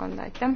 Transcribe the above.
keskkonda, aitäh!